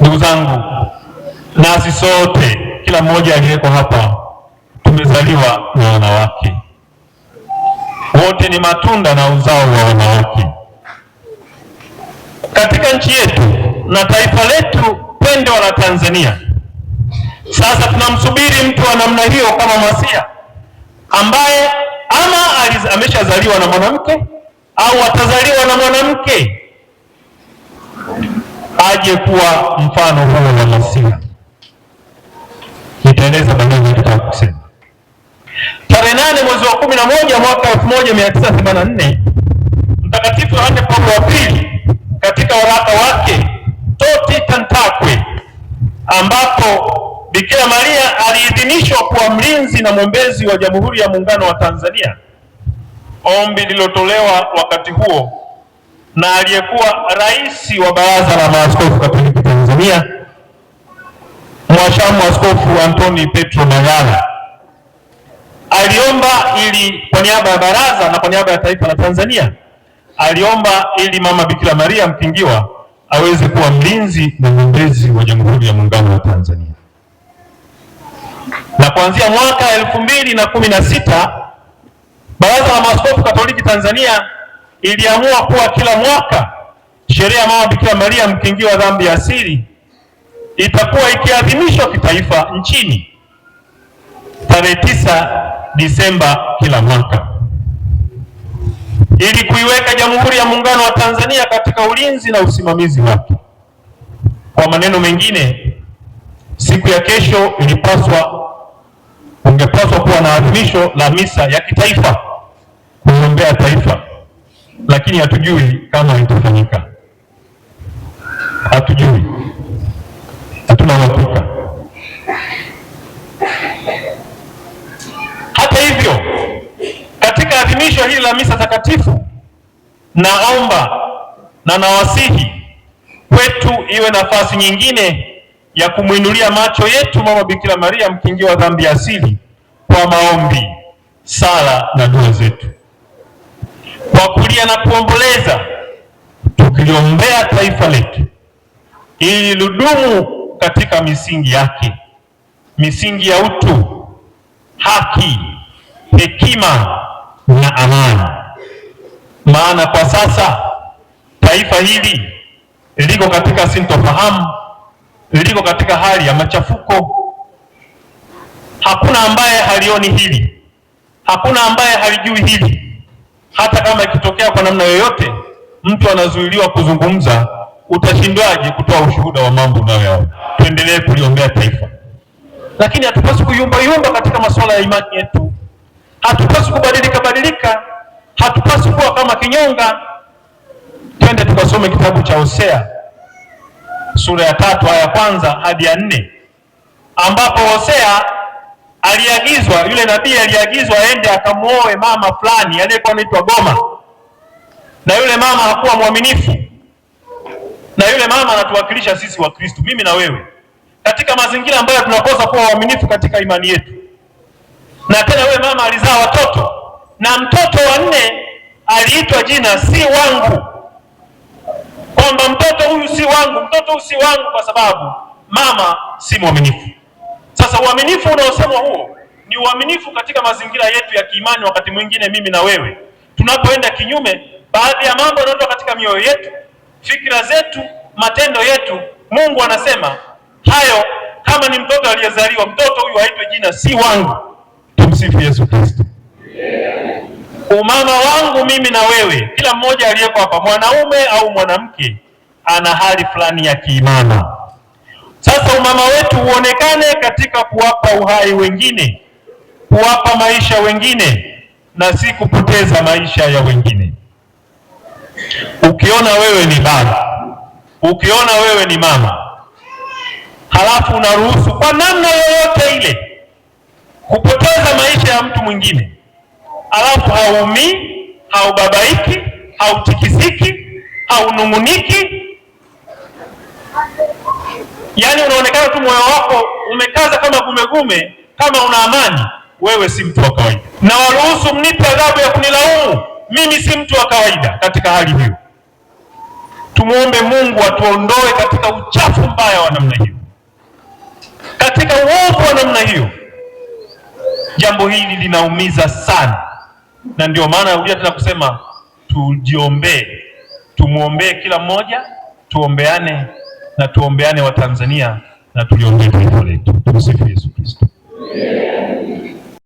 Ndugu zangu, nasi sote, kila mmoja aliyeko hapa, tumezaliwa na wanawake, wote ni matunda na uzao wa wanawake. Katika nchi yetu na taifa letu pendwa la Tanzania, sasa tunamsubiri mtu wa namna hiyo kama Masia ambaye ama ameshazaliwa na mwanamke au atazaliwa na mwanamke aje kuwa mfano huo wa Masihi. Nitaeleza maneno nitaka kusema. Tarehe nane mwezi wa kumi na moja mwaka 1984 Mtakatifu Yohane Paulo wa Pili katika waraka wake Toti Tantakwe, ambapo Bikira Maria aliidhinishwa kuwa mlinzi na mwombezi wa Jamhuri ya Muungano wa Tanzania, ombi lililotolewa wakati huo na aliyekuwa rais wa baraza la maaskofu Katoliki Tanzania, mwashamu askofu Antoni Petro Magala aliomba ili kwa niaba ya baraza na kwa niaba ya taifa la Tanzania aliomba ili mama Bikira Maria Mkingiwa aweze kuwa mlinzi na mwombezi wa Jamhuri ya Muungano wa Tanzania, na kuanzia mwaka elfu mbili na kumi na sita Baraza la Maaskofu Katoliki Tanzania iliamua kuwa kila mwaka sherehe ya Mama Bikira Maria mkingi wa dhambi ya asili itakuwa ikiadhimishwa kitaifa nchini tarehe tisa Disemba kila mwaka ili kuiweka Jamhuri ya Muungano wa Tanzania katika ulinzi na usimamizi wake. Kwa maneno mengine, siku ya kesho ilipaswa, ungepaswa kuwa na adhimisho la misa ya kitaifa kuombea taifa lakini hatujui kama itafanyika, hatujui, hatuna uhakika. Hata hivyo, katika adhimisho hili la misa takatifu, naomba na nawasihi kwetu iwe nafasi nyingine ya kumwinulia macho yetu Mama Bikira Maria, mkingi wa dhambi asili, kwa maombi, sala na dua zetu kwa kulia na kuomboleza, tukiliombea taifa letu ili ludumu katika misingi yake, misingi ya utu, haki, hekima na amani. Maana kwa sasa taifa hili liko katika sintofahamu, liko katika hali ya machafuko. Hakuna ambaye halioni hili, hakuna ambaye halijui hili hata kama ikitokea kwa namna yoyote mtu anazuiliwa kuzungumza, utashindwaje kutoa ushuhuda wa mambo unayoyaona? Tuendelee kuliombea taifa, lakini hatupaswi kuyumbayumba katika masuala ya imani yetu, hatupaswi kubadilika badilika, hatupaswi kuwa kama kinyonga. Twende tukasome kitabu cha Hosea sura ya tatu aya ya kwanza hadi ya nne ambapo Hosea aliagizwa yule nabii aliagizwa aende akamuoe mama fulani aliyekuwa anaitwa Goma, na yule mama hakuwa mwaminifu, na yule mama anatuwakilisha sisi wa Kristo, mimi na wewe, katika mazingira ambayo tunakosa kuwa waaminifu katika imani yetu. Na tena yule mama alizaa watoto, na mtoto wa nne aliitwa jina si wangu, kwamba mtoto huyu si wangu, mtoto huyu si wangu, kwa sababu mama si mwaminifu. Sasa uaminifu unaosemwa huo ni uaminifu katika mazingira yetu ya kiimani. Wakati mwingine mimi na wewe tunapoenda kinyume, baadhi ya mambo yanayotoka katika mioyo yetu, fikra zetu, matendo yetu, Mungu anasema hayo. Kama ni mtoto aliyezaliwa, mtoto huyu aitwe jina si wangu. Tumsifu Yesu Kristo. Yeah. Umama wangu mimi na wewe, kila mmoja aliyeko hapa, mwanaume au mwanamke, ana hali fulani ya kiimani. Sasa umama wetu uonekane katika kuwapa uhai wengine, kuwapa maisha wengine, na si kupoteza maisha ya wengine. Ukiona wewe ni baba, ukiona wewe ni mama, halafu unaruhusu kwa namna yoyote ile kupoteza maisha ya mtu mwingine, halafu hauumii, haubabaiki, hautikisiki, haunung'uniki yani unaonekana tu moyo wako umekaza kama gumegume, kama una amani, wewe si mtu wa kawaida. Na waruhusu mnipe adhabu ya kunilaumu mimi, si mtu wa kawaida. Katika hali hiyo, tumuombe Mungu atuondoe katika uchafu mbaya wa namna hiyo, katika uovu wa namna hiyo. Jambo hili linaumiza sana, na ndio maana narudia tena kusema tujiombee, tumwombee kila mmoja, tuombeane na tuombeane Watanzania na tuliombee taifa letu. Tumsifu Yesu Kristo.